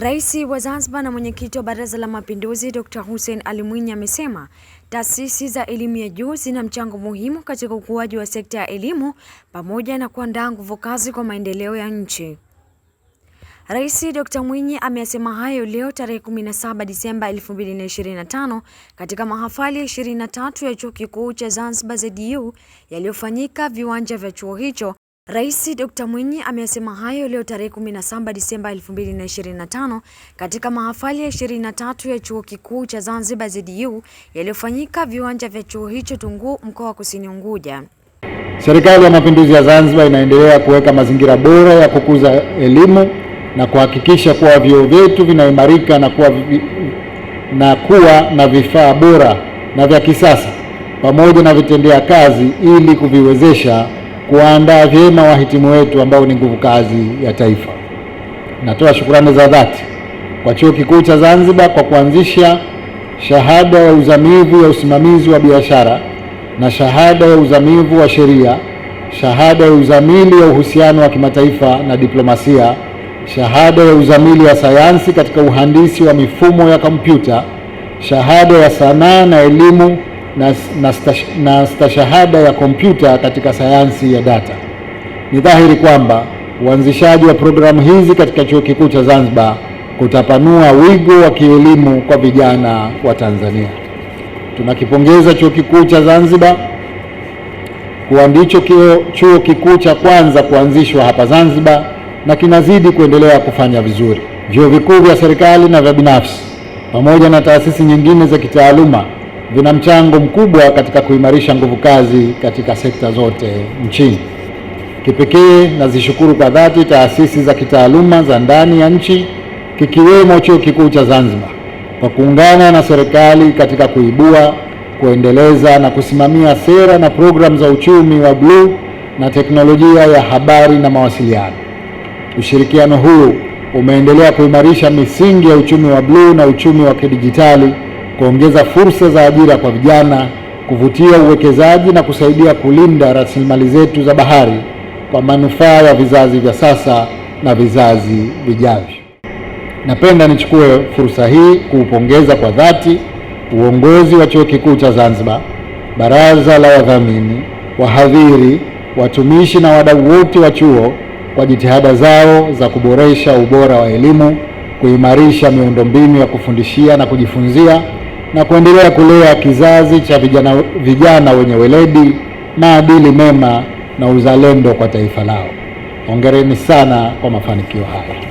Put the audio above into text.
Rais wa Zanzibar na mwenyekiti wa Baraza la Mapinduzi Dr. Hussein Ali Mwinyi amesema taasisi za elimu ya juu zina mchango muhimu katika ukuaji wa sekta ya elimu pamoja na kuandaa nguvu kazi kwa maendeleo ya nchi. Rais Dr. Mwinyi ameyasema hayo leo tarehe 17 Disemba 2025 katika mahafali ya 23 ya Chuo Kikuu cha Zanzibar ZU yaliyofanyika viwanja vya chuo hicho Rais Dr. Mwinyi amesema hayo leo tarehe 17 Disemba 2025 katika mahafali ya 23 ya Chuo Kikuu cha Zanzibar zdu yaliyofanyika viwanja vya chuo hicho Tunguu, mkoa wa Kusini Unguja. Serikali ya Mapinduzi ya Zanzibar inaendelea kuweka mazingira bora ya kukuza elimu na kuhakikisha kuwa vyuo vyetu vinaimarika na kuwa, vi, na kuwa na vifaa bora na vya kisasa pamoja na vitendea kazi ili kuviwezesha kuwaandaa vyema wahitimu wetu ambao ni nguvu kazi ya taifa. Natoa shukurani za dhati kwa Chuo Kikuu cha Zanzibar kwa kuanzisha shahada ya uzamivu ya usimamizi wa biashara na shahada ya uzamivu wa sheria, shahada ya uzamili ya uhusiano wa kimataifa na diplomasia, shahada ya uzamili ya sayansi katika uhandisi wa mifumo ya kompyuta, shahada ya sanaa na elimu na, na, stash, na stashahada ya kompyuta katika sayansi ya data. Ni dhahiri kwamba uanzishaji wa programu hizi katika Chuo Kikuu cha Zanzibar kutapanua wigo wa kielimu kwa vijana wa Tanzania. Tunakipongeza Chuo Kikuu cha Zanzibar kuwa ndicho chuo kikuu cha kwanza kuanzishwa hapa Zanzibar na kinazidi kuendelea kufanya vizuri. Vyuo vikuu vya serikali na vya binafsi pamoja na taasisi nyingine za kitaaluma vina mchango mkubwa katika kuimarisha nguvu kazi katika sekta zote nchini. Kipekee nazishukuru kwa dhati taasisi za kitaaluma za ndani ya nchi kikiwemo Chuo Kikuu cha Zanzibar kwa kuungana na serikali katika kuibua, kuendeleza na kusimamia sera na programu za uchumi wa bluu na teknolojia ya habari na mawasiliano. Ushirikiano huu umeendelea kuimarisha misingi ya uchumi wa bluu na uchumi wa kidijitali kuongeza fursa za ajira kwa vijana, kuvutia uwekezaji na kusaidia kulinda rasilimali zetu za bahari kwa manufaa ya vizazi vya sasa na vizazi vijavyo. Napenda nichukue fursa hii kuupongeza kwa dhati uongozi wa Chuo Kikuu cha Zanzibar, baraza la wadhamini, wahadhiri, watumishi na wadau wote wa chuo kwa jitihada zao za kuboresha ubora wa elimu, kuimarisha miundombinu ya kufundishia na kujifunzia na kuendelea kulea kizazi cha vijana, vijana wenye weledi, maadili mema na uzalendo kwa taifa lao. Hongereni sana kwa mafanikio haya.